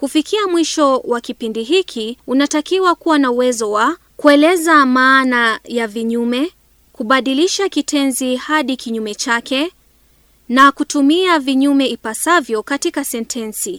Kufikia mwisho wa kipindi hiki, unatakiwa kuwa na uwezo wa kueleza maana ya vinyume, kubadilisha kitenzi hadi kinyume chake na kutumia vinyume ipasavyo katika sentensi.